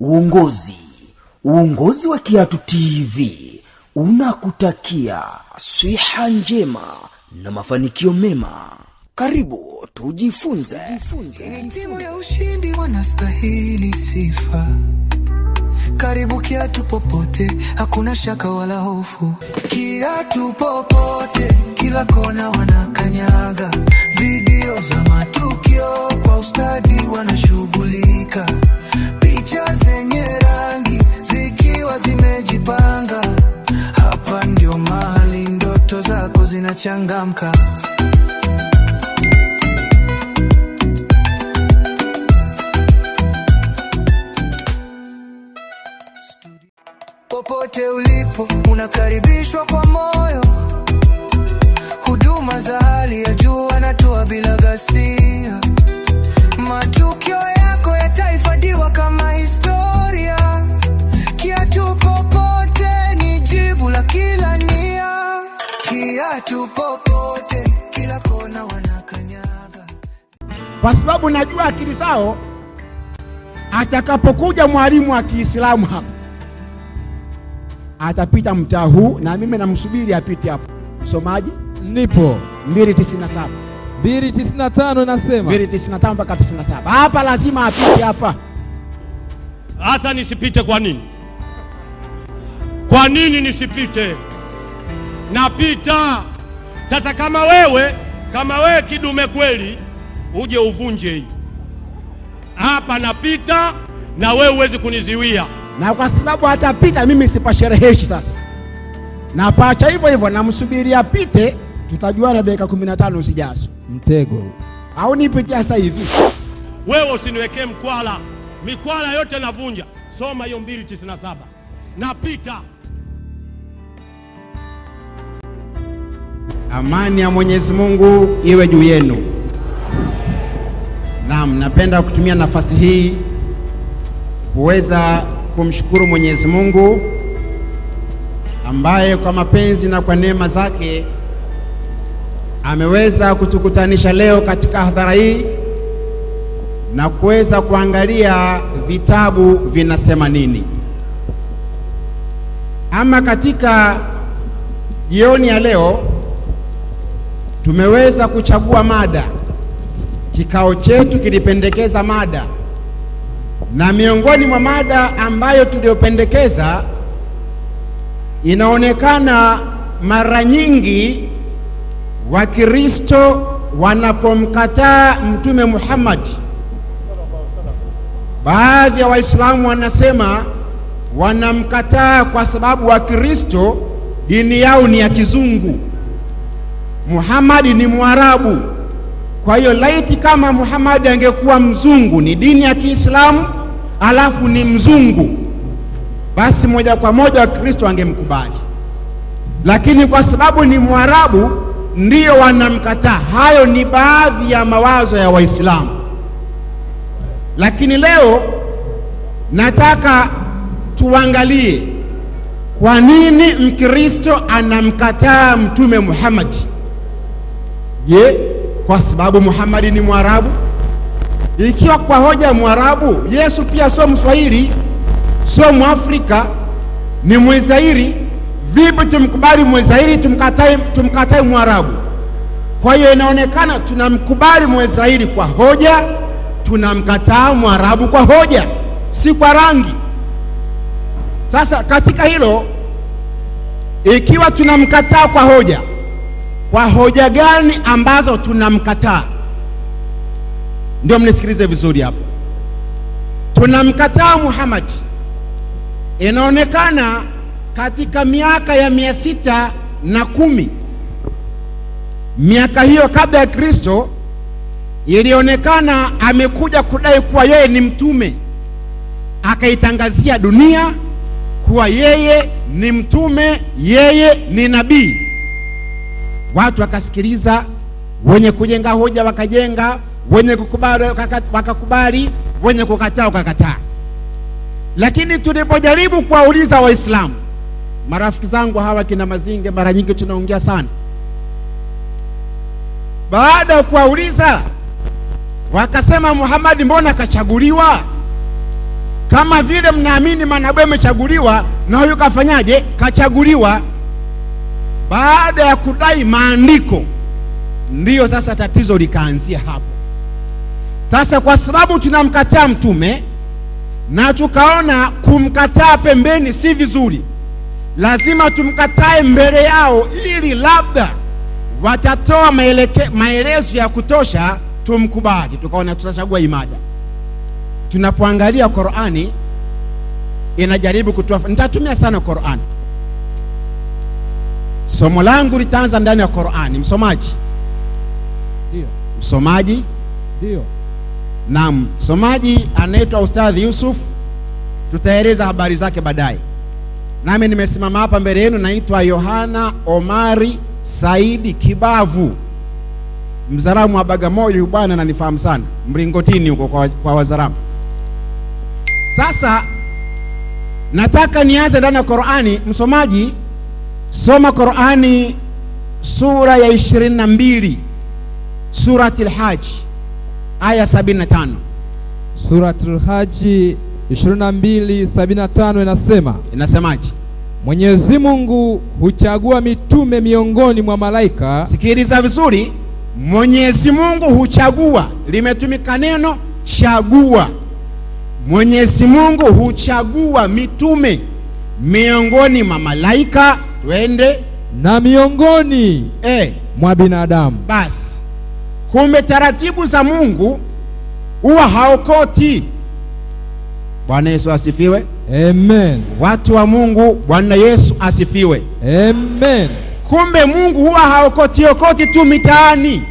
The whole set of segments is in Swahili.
Uongozi. Uongozi wa Kiatu TV unakutakia swiha njema na mafanikio mema. Karibu tujifunze. Timu ya ushindi wanastahili sifa. Karibu Kiatu popote, hakuna shaka wala hofu. Kiatu popote, kila kona wanakanyaga. Video za matukio kwa ustadi wanashughuli picha zenye rangi zikiwa zimejipanga. Hapa ndio mahali ndoto zako zinachangamka. Popote ulipo unakaribishwa kwa moyo, huduma za hali ya juu anatoa bila ghasia. kila kona wanakanyaga, kwa sababu najua akili zao. Atakapokuja mwalimu wa Kiislamu hapa, atapita mtaa huu, na mimi namsubiri apite hapo. Msomaji nipo 297 nasema 295 mpaka 97. Hapa lazima apite hapa. Hasa nisipite kwa nini? Kwa nini nisipite? napita. Sasa kama wewe kama wewe kidume kweli, uje uvunje hii hapa, napita na wewe huwezi kuniziwia, na kwa sababu hatapita mimi sipashereheshi. Sasa napacha hivyo hivyo, namsubiri apite, tutajuana dakika 15 usijazo Mtego au nipitia sasa hivi? Wewe usiniwekee mkwala, mikwala yote navunja. Soma hiyo 297 napita. Amani ya Mwenyezi Mungu iwe juu yenu. Naam, napenda kutumia nafasi hii kuweza kumshukuru Mwenyezi Mungu ambaye kwa mapenzi na kwa neema zake ameweza kutukutanisha leo katika hadhara hii na kuweza kuangalia vitabu vinasema nini. Ama katika jioni ya leo Tumeweza kuchagua mada, kikao chetu kilipendekeza mada, na miongoni mwa mada ambayo tuliyopendekeza inaonekana mara nyingi Wakristo wanapomkataa Mtume Muhammad, baadhi ya Waislamu wanasema wanamkataa kwa sababu Wakristo dini yao ni ya kizungu. Muhamadi ni Mwarabu. Kwa hiyo laiti kama Muhamadi angekuwa mzungu, ni dini ya Kiislamu alafu ni mzungu, basi moja kwa moja Wakristo angemkubali, lakini kwa sababu ni Mwarabu ndiyo wanamkataa. Hayo ni baadhi ya mawazo ya Waislamu, lakini leo nataka tuangalie kwa nini Mkristo anamkataa Mtume Muhammad. Je, kwa sababu muhamadi ni Mwarabu? Ikiwa kwa hoja Mwarabu, Yesu pia sio Mswahili, sio Mwafrika, ni Mwizairi. Vipi tumkubali Mwizairi tumkatae, tumkatae Mwarabu? Kwa hiyo inaonekana tunamkubali Mwizairi kwa hoja, tunamkataa Mwarabu kwa hoja, si kwa rangi. Sasa katika hilo, ikiwa tunamkataa kwa hoja kwa hoja gani ambazo tunamkataa? Ndio, mnisikilize vizuri hapo. Tunamkataa Muhammad. Inaonekana katika miaka ya mia sita na kumi, miaka hiyo kabla ya Kristo, ilionekana amekuja kudai kuwa yeye ni mtume, akaitangazia dunia kuwa yeye ni mtume, yeye ni nabii watu wakasikiliza, wenye kujenga hoja wakajenga, wenye kukubali wakakubali, wenye kukataa wakakataa. Lakini tulipojaribu kuwauliza Waislamu, marafiki zangu hawa kina Mazinge, mara nyingi tunaongea sana. Baada ya kuwauliza wakasema, Muhammad mbona kachaguliwa? Kama vile mnaamini manabii amechaguliwa, na huyu kafanyaje? Kachaguliwa. Baada ya kudai maandiko, ndiyo sasa tatizo likaanzia hapo. Sasa kwa sababu tunamkataa mtume na tukaona kumkataa pembeni si vizuri, lazima tumkatae mbele yao, ili labda watatoa maelezo ya kutosha tumkubali. Tukaona tutachagua imada. Tunapoangalia Qur'ani inajaribu kutuwa, nitatumia sana Qur'ani Somo langu litaanza ndani ya Qur'ani. Msomaji ndio msomaji ndio naam, msomaji anaitwa Ustadhi Yusuf, tutaeleza habari zake baadaye. Nami nimesimama hapa mbele yenu, naitwa Yohana Omari Saidi Kibavu, Mzaramu wa Bagamoyo. Bwana ananifahamu sana, mlingotini huko kwa, kwa Wazaramu. Sasa nataka nianze ndani ya Qur'ani, msomaji Soma Qur'ani sura ya 22 Suratul Hajj aya 75. Suratul Hajj 22:75 inasema, inasemaje? Mwenyezi Mungu huchagua mitume miongoni mwa malaika. Sikiliza vizuri, Mwenyezi Mungu huchagua, limetumika neno chagua. Mwenyezi Mungu huchagua mitume miongoni mwa malaika twende na miongoni eh, mwa binadamu. Basi kumbe taratibu za Mungu huwa haokoti. Bwana Yesu asifiwe. Amen. Watu wa Mungu, Bwana Yesu asifiwe. Amen. Kumbe Mungu huwa haokotiokoti tu mitaani,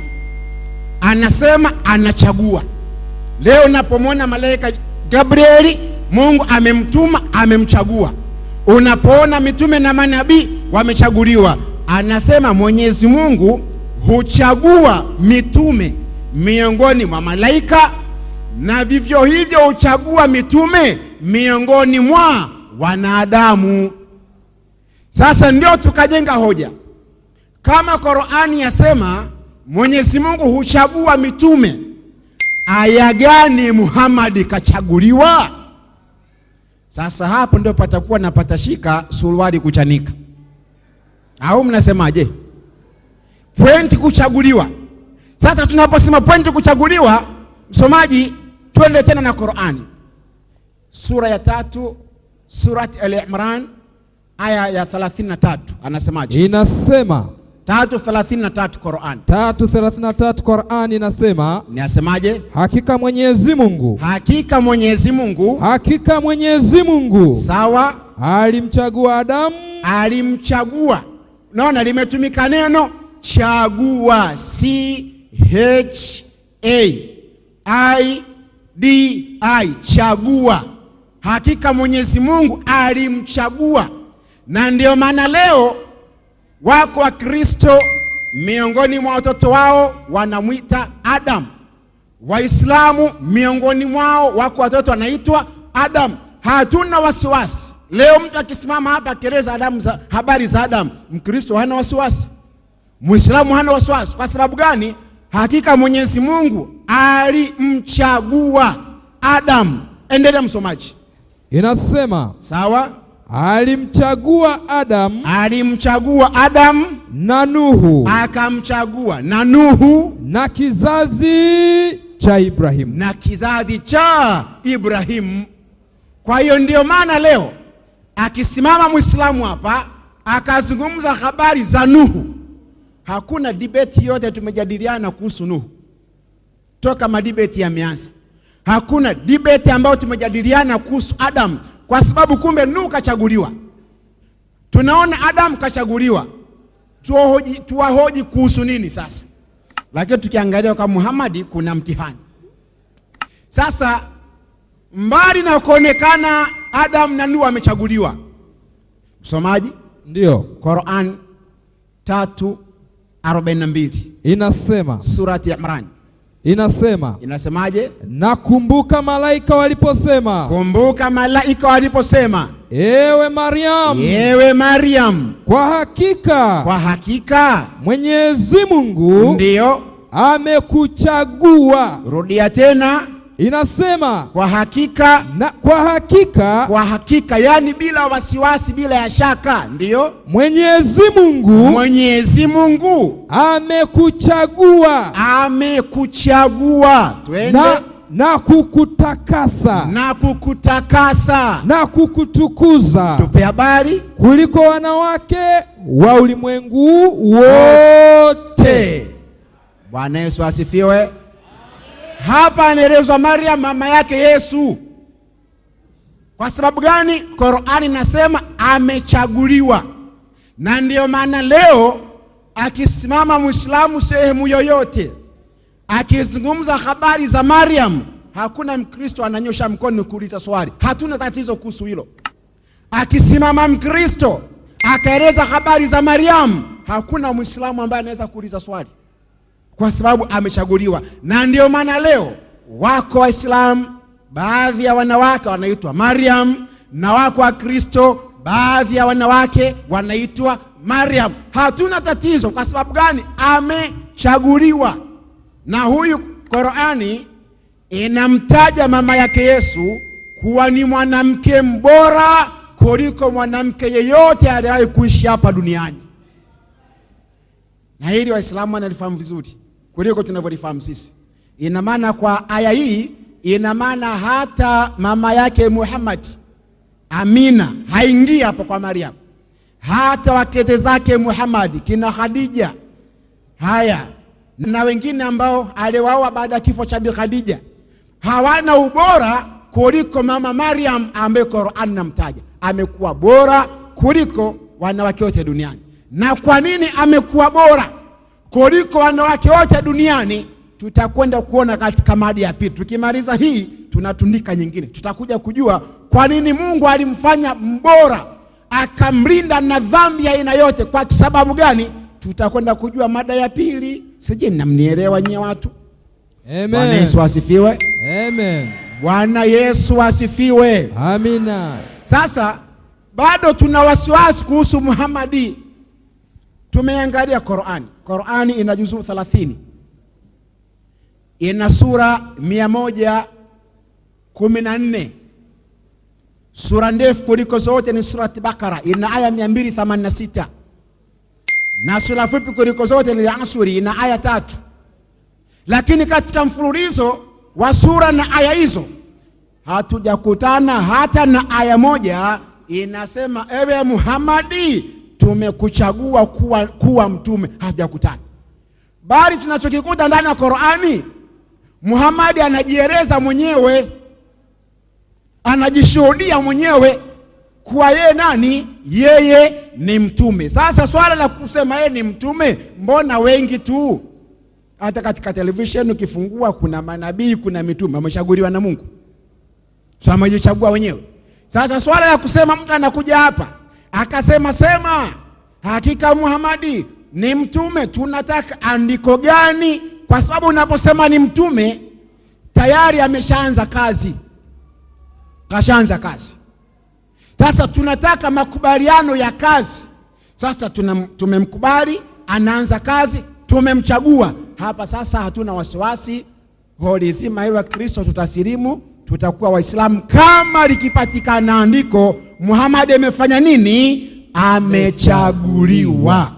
anasema anachagua. Leo unapomwona malaika Gabrieli, Mungu amemtuma, amemchagua. Unapoona mitume na manabii wamechaguliwa. Anasema Mwenyezi Mungu huchagua mitume miongoni mwa malaika na vivyo hivyo huchagua mitume miongoni mwa wanadamu. Sasa ndio tukajenga hoja, kama Qur'ani yasema Mwenyezi Mungu huchagua mitume, aya gani Muhammad kachaguliwa? Sasa hapo ndio patakuwa napatashika suruali kuchanika au mnasemaje? Point kuchaguliwa. Sasa tunaposema point kuchaguliwa, msomaji, twende tena na Qur'ani, sura ya tatu, surati Al-Imran aya ya 33 anasemaje? Inasema 3:33 Qur'an. 3:33 Qur'an inasema, inasemaje? Hakika Mwenyezi Mungu, hakika Mwenyezi Mungu, hakika Mwenyezi Mungu, sawa, alimchagua Adamu, alimchagua naona limetumika neno chagua, C H A I D I, chagua. Hakika Mwenyezi Mungu alimchagua, na ndio maana leo wako Wakristo miongoni mwa watoto wao wanamwita Adam. Waislamu miongoni mwao wako watoto wanaitwa Adam. Hatuna wasiwasi Leo mtu akisimama hapa akieleza Adamu za, habari za Adamu, Mkristo hana wasiwasi, Muislamu hana wasiwasi. Kwa sababu gani? Hakika Mwenyezi Mungu alimchagua Adamu. Endelea msomaji, inasema sawa Alimchagua Adam, alimchagua Adam na Nuhu, akamchagua na Nuhu na kizazi cha Ibrahimu, na kizazi cha Ibrahimu. Kwa hiyo ndio maana leo Akisimama Muislamu hapa akazungumza habari za Nuhu, hakuna debate yote tumejadiliana kuhusu Nuhu toka ya yameanza. Hakuna debate ambayo tumejadiliana kuhusu Adam, kwa sababu kumbe Nuhu kachaguliwa. Tunaona Adam kachaguliwa, tuwahoji, tuwahoji kuhusu nini sasa? Lakini tukiangalia kwa Muhammad kuna mtihani sasa, mbali na kuonekana Adam na Nuhu amechaguliwa. Msomaji? Ndio. Qur'an 3:42. Inasema surati Imran. Inasema. Inasemaje? Nakumbuka malaika waliposema. Kumbuka malaika waliposema. Ewe Mariam. Ewe Mariam. Kwa hakika. Kwa hakika. Mwenyezi Mungu. Ndio. Amekuchagua. Rudia tena. Inasema kwa hakika na, kwa hakika kwa hakika, yani bila wasiwasi, bila ya shaka, ndiyo Mwenyezi Mungu Mwenyezi Mungu amekuchagua amekuchagua, twende na kukutakasa na kukutakasa na kukutukuza, tupe habari kuliko wanawake wa ulimwengu wote. Bwana Yesu asifiwe. Hapa anaelezwa Maria mama yake Yesu. Kwa sababu gani? Qur'ani inasema amechaguliwa, na ndiyo maana leo akisimama Muislamu sehemu yoyote akizungumza habari za Mariam, hakuna Mkristo ananyosha mkono kuuliza swali. Hatuna tatizo kuhusu hilo. Akisimama Mkristo akaeleza habari za Maryam, hakuna Muislamu ambaye anaweza kuuliza swali kwa sababu amechaguliwa. Na ndio maana leo wako Waislamu baadhi ya wanawake wanaitwa Mariam na wako Wakristo baadhi ya wanawake wanaitwa Mariam. Hatuna tatizo. Kwa sababu gani? Amechaguliwa. Na huyu Qurani inamtaja mama yake Yesu kuwa ni mwanamke mbora kuliko mwanamke yeyote aliyewahi kuishi hapa duniani, na hili Waislamu wanalifahamu vizuri kuliko tunavyolifahamu sisi. Ina maana kwa aya hii, ina maana hata mama yake Muhammad Amina haingii hapo kwa Mariam, hata wakete zake Muhammad kina Khadija haya na wengine ambao aliwaoa baada ya kifo cha Bi Khadija hawana ubora kuliko mama Mariam ambaye Qur'an namtaja amekuwa bora kuliko wanawake wote duniani. Na kwa nini amekuwa bora? kuliko wanawake wote duniani, tutakwenda kuona katika mada ya pili. Tukimaliza hii, tunatundika nyingine, tutakuja kujua kwa nini Mungu alimfanya mbora, akamlinda na dhambi ya aina yote. Kwa sababu gani? Tutakwenda kujua mada ya pili. Sije namnielewa nyie watu. Amen. Bwana Yesu asifiwe. Amen. Bwana Yesu asifiwe. Amina. Sasa bado tuna wasiwasi kuhusu Muhamadi Tumeangalia Qur'ani. Qur'ani ina juzuu 30. Ina sura 114. Sura ndefu kuliko zote ni surati Bakara, ina aya 286, na sura fupi kuliko zote ni Asuri, ina aya tatu. Lakini katika mfululizo wa sura na aya hizo hatujakutana hata na aya moja inasema ewe Muhammadi tumekuchagua kuwa, kuwa mtume. Hajakutana bali tunachokikuta ndani ya Qur'ani, Muhammad anajieleza mwenyewe, anajishuhudia mwenyewe kuwa yeye nani? Yeye ni mtume. Sasa swala la kusema yeye ni mtume, mbona wengi tu, hata katika televisheni ukifungua, kuna manabii, kuna mitume wamechaguliwa na Mungu, so amejichagua wenyewe. Sasa swala la kusema mtu anakuja hapa akasema sema, hakika Muhamadi ni mtume. Tunataka andiko gani? Kwa sababu unaposema ni mtume tayari ameshaanza kazi, kashaanza kazi. Sasa tunataka makubaliano ya kazi. Sasa tumemkubali anaanza kazi, tumemchagua hapa. Sasa hatuna wasiwasi, holi zima hilo Kristo tutasilimu, tutakuwa Waislamu kama likipatikana andiko Muhammad amefanya nini? Amechaguliwa.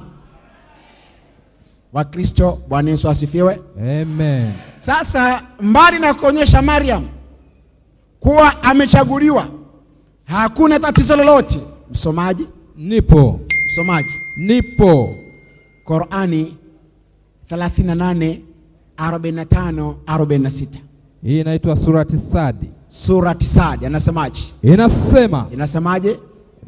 Wakristo, Bwana Yesu asifiwe. Amen. Sasa mbali na kuonyesha Mariam kuwa amechaguliwa, hakuna tatizo lolote. Msomaji nipo, msomaji nipo. Qurani 38 45 46, hii inaitwa surati Sadi surati Sad anasemaje? Inasema, inasemaje?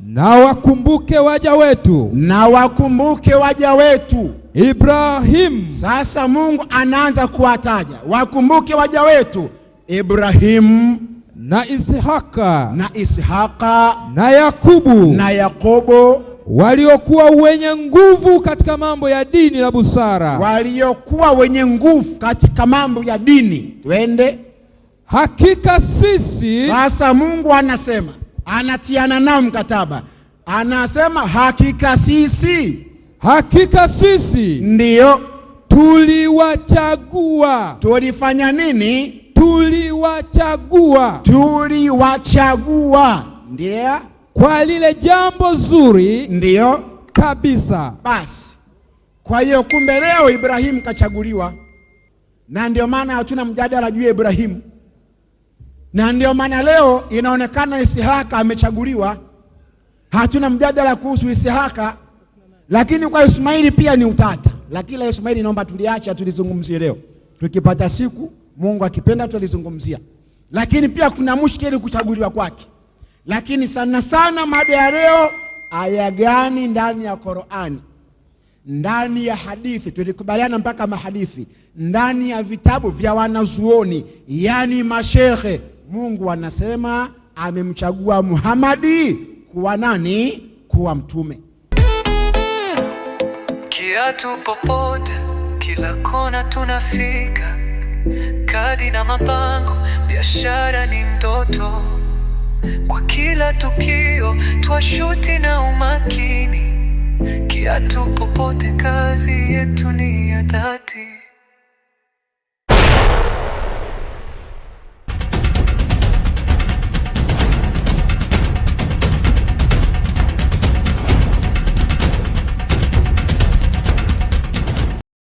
Na wakumbuke waja wetu, na wakumbuke waja wetu Ibrahim. Sasa Mungu anaanza kuwataja, wakumbuke waja wetu Ibrahimu na ishaka na Isihaka na Yakubu na Yakobo waliokuwa wenye nguvu katika mambo ya dini na busara, waliokuwa wenye nguvu katika mambo ya dini. Twende Hakika sisi sasa, Mungu anasema anatiana nao mkataba, anasema hakika sisi, hakika sisi ndio tuliwachagua. Tulifanya nini? Tuliwachagua, tuliwachagua ndio kwa lile jambo zuri, ndio kabisa. Basi kwa hiyo kumbe leo Ibrahimu kachaguliwa, na ndio maana hatuna mjadala juu ya Ibrahimu na ndio maana leo inaonekana Isihaka amechaguliwa. Hatuna mjadala kuhusu Isihaka, lakini kwa Ismaili pia ni utata, lakini la Ismaili naomba tuliacha, tulizungumzie leo tukipata siku, Mungu akipenda, tutalizungumzia. Lakini pia kuna mushkeli kuchaguliwa kwake, lakini sana sana mada ya leo, aya gani ndani ya Qur'ani, ndani ya hadithi, tulikubaliana mpaka mahadithi, ndani ya vitabu vya wanazuoni, yani mashehe Mungu anasema amemchagua Muhamadi kuwa nani? Kuwa mtume. Kiatu popote, kila kona tunafika, kadi na mabango, biashara ni ndoto. Kwa kila tukio twashuti na umakini, kiatu popote, kazi yetu ni ya dhati.